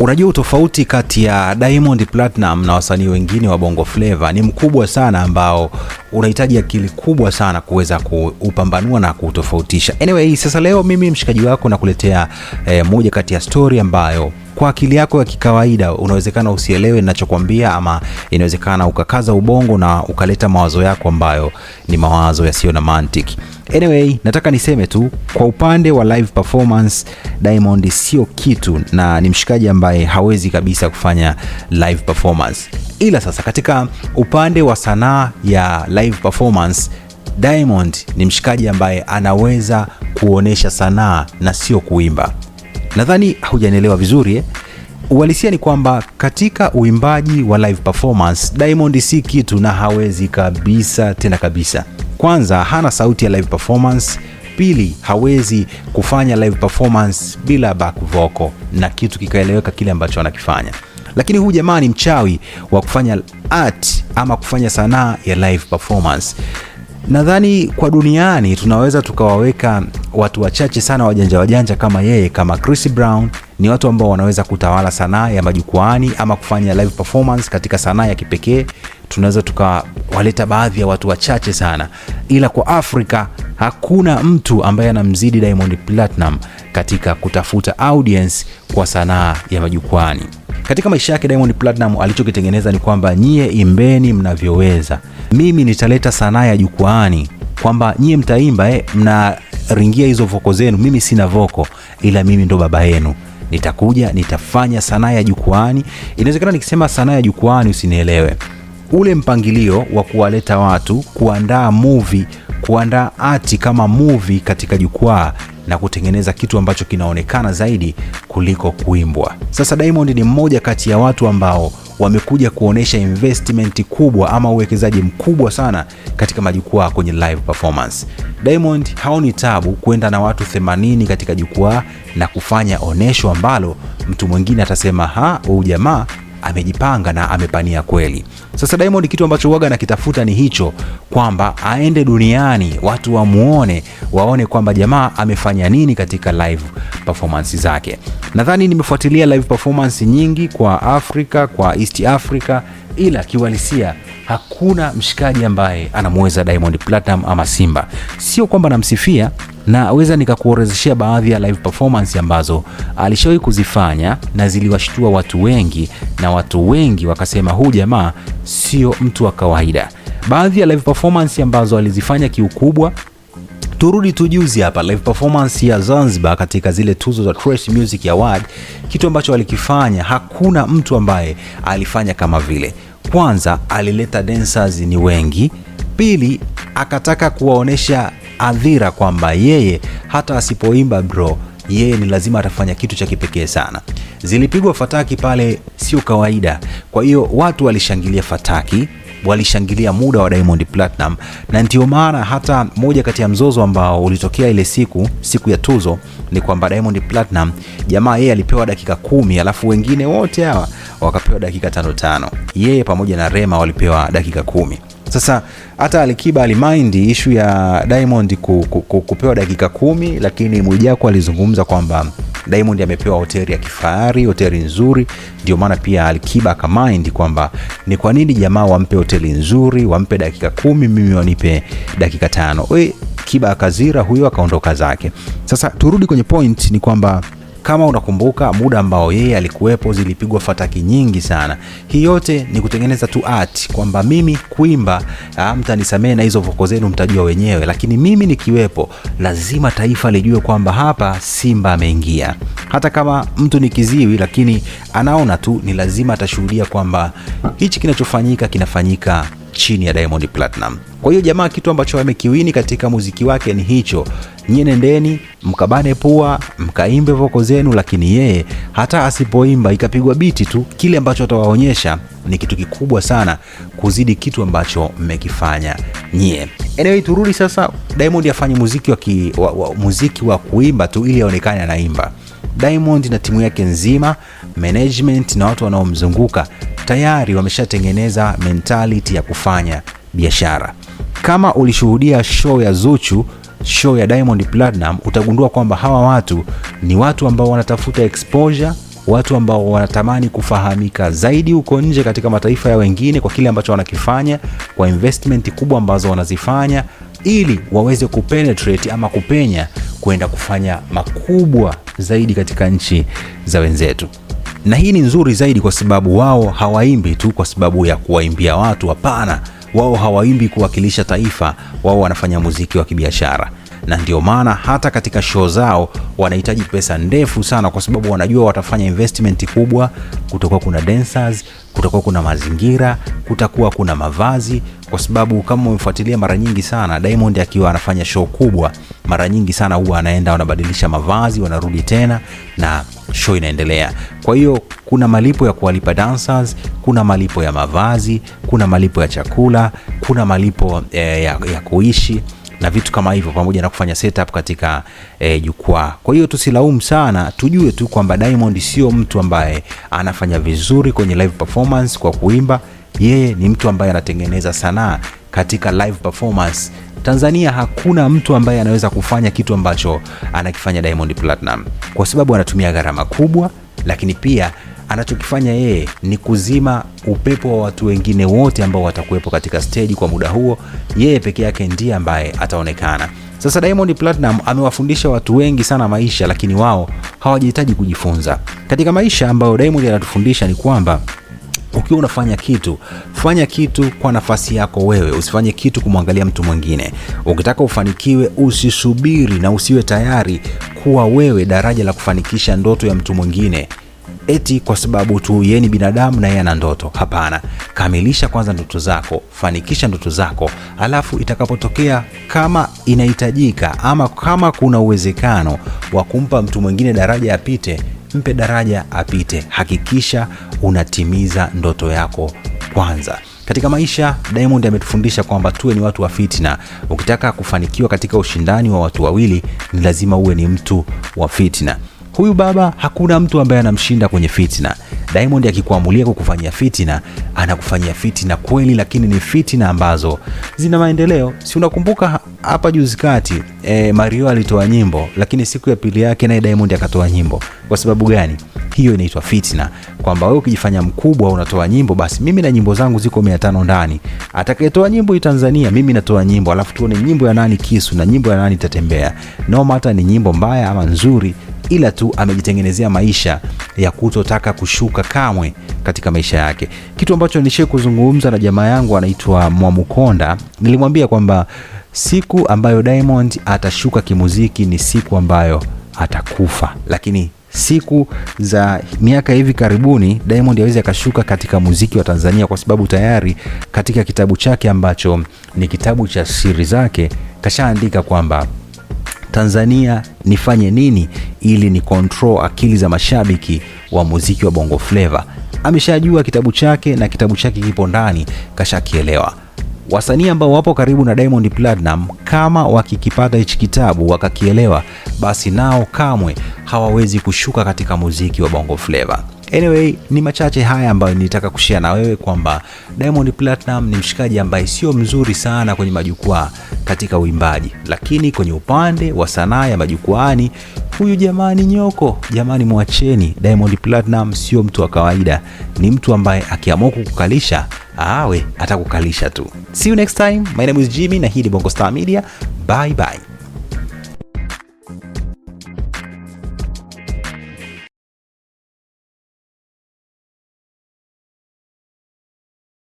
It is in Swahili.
Unajua utofauti kati ya Diamond Platinum na wasanii wengine wa Bongo fleva ni mkubwa sana, ambao unahitaji akili kubwa sana kuweza kuupambanua na kuutofautisha Anyway, sasa leo mimi mshikaji wako nakuletea eh, moja kati ya stori ambayo kwa akili yako ya kikawaida unawezekana usielewe ninachokwambia, ama inawezekana ukakaza ubongo na ukaleta mawazo yako ambayo ni mawazo yasiyo na mantiki. Anyway, nataka niseme tu kwa upande wa live performance, Diamond sio kitu na ni mshikaji ambaye hawezi kabisa kufanya live performance. Ila sasa katika upande wa sanaa ya live performance Diamond ni mshikaji ambaye anaweza kuonesha sanaa na sio kuimba. Nadhani hujanielewa vizuri eh? Uhalisia ni kwamba katika uimbaji wa live performance Diamond si kitu na hawezi kabisa tena kabisa. Kwanza hana sauti ya live performance, pili hawezi kufanya live performance bila back vocal na kitu kikaeleweka kile ambacho anakifanya. Lakini huu jamaa ni mchawi wa kufanya art ama kufanya sanaa ya live performance. Nadhani kwa duniani tunaweza tukawaweka watu wachache sana wajanja wajanja kama yeye, kama Chris Brown ni watu ambao wanaweza kutawala sanaa ya majukwaani ama kufanya live performance katika sanaa ya kipekee. Tunaweza tukawaleta baadhi ya watu wachache sana, ila kwa Afrika hakuna mtu ambaye anamzidi Diamond Platinum katika kutafuta audience kwa sanaa ya majukwaani. Katika maisha yake Diamond Platinum alichokitengeneza ni kwamba nyie imbeni mnavyoweza, mimi nitaleta sanaa ya jukwaani, kwamba nyie mtaimba eh, mna ringia hizo voko zenu. Mimi sina voko, ila mimi ndo baba yenu. Nitakuja, nitafanya sanaa ya jukwaani. Inawezekana nikisema sanaa ya jukwaani usinielewe. Ule mpangilio wa kuwaleta watu, kuandaa movie, kuandaa ati kama movie katika jukwaa na kutengeneza kitu ambacho kinaonekana zaidi kuliko kuimbwa. Sasa Diamond ni mmoja kati ya watu ambao wamekuja kuonesha investment kubwa ama uwekezaji mkubwa sana katika majukwaa kwenye live performance. Diamond haoni tabu kwenda na watu 80 katika jukwaa na kufanya onesho ambalo mtu mwingine atasema ha, huyu jamaa amejipanga na amepania kweli. Sasa Diamond kitu ambacho huaga nakitafuta ni hicho, kwamba aende duniani watu wamuone, waone kwamba jamaa amefanya nini katika live performance zake. Nadhani nimefuatilia live performance nyingi kwa Afrika, kwa East Africa, ila kiuhalisia hakuna mshikaji ambaye anamweza Diamond Platinum ama Simba. Sio kwamba namsifia, naweza nikakuorezeshea baadhi ya live performance ambazo alishawahi kuzifanya na ziliwashtua watu wengi, na watu wengi wakasema huu jamaa sio mtu wa kawaida. Baadhi ya live performance ambazo alizifanya kiukubwa Turudi tujuzi hapa, live performance ya Zanzibar katika zile tuzo za Trace Music Award, kitu ambacho alikifanya hakuna mtu ambaye alifanya kama vile. Kwanza alileta dancers ni wengi, pili akataka kuwaonesha adhira kwamba yeye hata asipoimba bro yeye ni lazima atafanya kitu cha kipekee sana. Zilipigwa fataki pale, sio kawaida. Kwa hiyo watu walishangilia fataki, walishangilia muda wa Diamond Platinum, na ndio maana hata moja kati ya mzozo ambao ulitokea ile siku siku ya tuzo ni kwamba Diamond Platinum jamaa yeye alipewa dakika kumi, alafu wengine wote hawa wakapewa dakika tano tano, yeye pamoja na Rema walipewa dakika kumi. Sasa hata Alikiba alimaindi ishu ya Diamond ku, ku, ku, kupewa dakika kumi, lakini Mwijaku alizungumza kwamba Diamond amepewa hoteli ya kifahari, hoteli nzuri. Ndio maana pia Alikiba akamind kwamba ni kwa nini jamaa wampe hoteli nzuri, wampe dakika kumi, mimi wanipe dakika tano. We, Kiba akazira huyo akaondoka zake. Sasa turudi kwenye point, ni kwamba kama unakumbuka muda ambao yeye alikuwepo, zilipigwa fataki nyingi sana. Hii yote ni kutengeneza tu art kwamba mimi kuimba, ah, mtanisamee na hizo voko zenu mtajua wenyewe, lakini mimi nikiwepo lazima taifa lijue kwamba hapa Simba ameingia. Hata kama mtu ni kiziwi, lakini anaona tu, ni lazima atashuhudia kwamba hichi kinachofanyika kinafanyika chini ya Diamond Platinum. Kwa hiyo jamaa, kitu ambacho amekiwini katika muziki wake ni hicho. Nyie nendeni mkabane pua, mkaimbe voko zenu, lakini yeye hata asipoimba ikapigwa biti tu, kile ambacho atawaonyesha ni kitu kikubwa sana kuzidi kitu ambacho mmekifanya nyie. Anyway, turudi sasa, Diamond afanye muziki wa, ki, wa, wa, muziki wa kuimba tu ili aonekane anaimba. Diamond na timu yake nzima, management na watu wanaomzunguka tayari wameshatengeneza mentality ya kufanya biashara. Kama ulishuhudia show ya Zuchu, show ya Diamond Platinum, utagundua kwamba hawa watu ni watu ambao wanatafuta exposure, watu ambao wanatamani kufahamika zaidi huko nje katika mataifa ya wengine kwa kile ambacho wanakifanya, kwa investment kubwa ambazo wanazifanya ili waweze kupenetrate ama kupenya kwenda kufanya makubwa zaidi katika nchi za wenzetu na hii ni nzuri zaidi kwa sababu wao hawaimbi tu kwa sababu ya kuwaimbia watu, hapana. Wao hawaimbi kuwakilisha taifa, wao wanafanya muziki wa kibiashara, na ndio maana hata katika show zao wanahitaji pesa ndefu sana, kwa sababu wanajua watafanya investment kubwa, kutoka kuna dancers, kutakuwa kuna mazingira, kutakuwa kuna mavazi, kwa sababu kama umemfuatilia mara nyingi sana Diamond akiwa anafanya show kubwa, mara nyingi sana huwa anaenda wanabadilisha mavazi, wanarudi tena na show inaendelea. Kwa hiyo kuna malipo ya kuwalipa dancers, kuna malipo ya mavazi, kuna malipo ya chakula, kuna malipo eh, ya, ya kuishi na vitu kama hivyo, pamoja na kufanya setup katika eh, jukwaa. Kwa hiyo tusilaumu sana, tujue tu kwamba Diamond sio mtu ambaye anafanya vizuri kwenye live performance kwa kuimba. Yeye ni mtu ambaye anatengeneza sanaa katika live performance. Tanzania hakuna mtu ambaye anaweza kufanya kitu ambacho anakifanya Diamond Platinum, kwa sababu anatumia gharama kubwa, lakini pia anachokifanya yeye ni kuzima upepo wa watu wengine wote ambao watakuwepo katika steji kwa muda huo. Yeye peke yake ndiye ambaye ataonekana. Sasa Diamond Platinum amewafundisha watu wengi sana maisha, lakini wao hawajihitaji kujifunza. Katika maisha ambayo Diamond anatufundisha ni kwamba ukiwa unafanya kitu fanya kitu kwa nafasi yako wewe, usifanye kitu kumwangalia mtu mwingine. Ukitaka ufanikiwe, usisubiri na usiwe tayari kuwa wewe daraja la kufanikisha ndoto ya mtu mwingine eti kwa sababu tu yeye ni binadamu na yeye ana ndoto. Hapana, kamilisha kwanza ndoto zako, fanikisha ndoto zako, alafu itakapotokea kama inahitajika ama kama kuna uwezekano wa kumpa mtu mwingine daraja apite, mpe daraja apite. Hakikisha unatimiza ndoto yako kwanza. Katika maisha Diamond ametufundisha kwamba tuwe ni watu wa fitina. Ukitaka kufanikiwa katika ushindani wa watu wawili, ni lazima uwe ni mtu wa fitina. Huyu baba hakuna mtu ambaye anamshinda kwenye fitina. Diamond akikuamulia kukufanyia fitina, anakufanyia fitina kweli, lakini ni fitina ambazo zina maendeleo. Si unakumbuka hapa juzi kati e, Mario alitoa nyimbo, lakini siku ya pili yake naye Diamond akatoa nyimbo. Kwa sababu gani? Hiyo inaitwa fitina, kwamba wewe ukijifanya mkubwa unatoa nyimbo, basi mimi na nyimbo zangu ziko 500 ndani, atakayetoa nyimbo hii Tanzania mimi natoa nyimbo, alafu tuone nyimbo ya nani kisu na nyimbo ya nani itatembea noma, hata ni nyimbo mbaya ama nzuri ila tu amejitengenezea maisha ya kutotaka kushuka kamwe katika maisha yake, kitu ambacho nishie kuzungumza na jamaa yangu anaitwa Mwamukonda. Nilimwambia kwamba siku ambayo Diamond atashuka kimuziki ni siku ambayo atakufa, lakini siku za miaka hivi karibuni Diamond aweze akashuka katika muziki wa Tanzania, kwa sababu tayari katika kitabu chake ambacho ni kitabu cha siri zake kashaandika kwamba Tanzania nifanye nini ili ni control akili za mashabiki wa muziki wa Bongo Flava. Ameshajua kitabu chake na kitabu chake kipo ndani, kashakielewa. Wasanii ambao wapo karibu na Diamond Platinum kama wakikipata hichi kitabu wakakielewa, basi nao kamwe hawawezi kushuka katika muziki wa Bongo Flava. Anyway, ni machache haya ambayo nilitaka kushia na wewe kwamba Diamond Platinum ni mshikaji ambaye sio mzuri sana kwenye majukwaa katika uimbaji, lakini kwenye upande wa sanaa ya majukwaani huyu jamani nyoko jamani, mwacheni Diamond Platinum. Sio mtu wa kawaida, ni mtu ambaye akiamua kukukalisha awe atakukalisha tu. See you next time, my name is Jimmy na hii ni Bongo Star Media. Bye bye.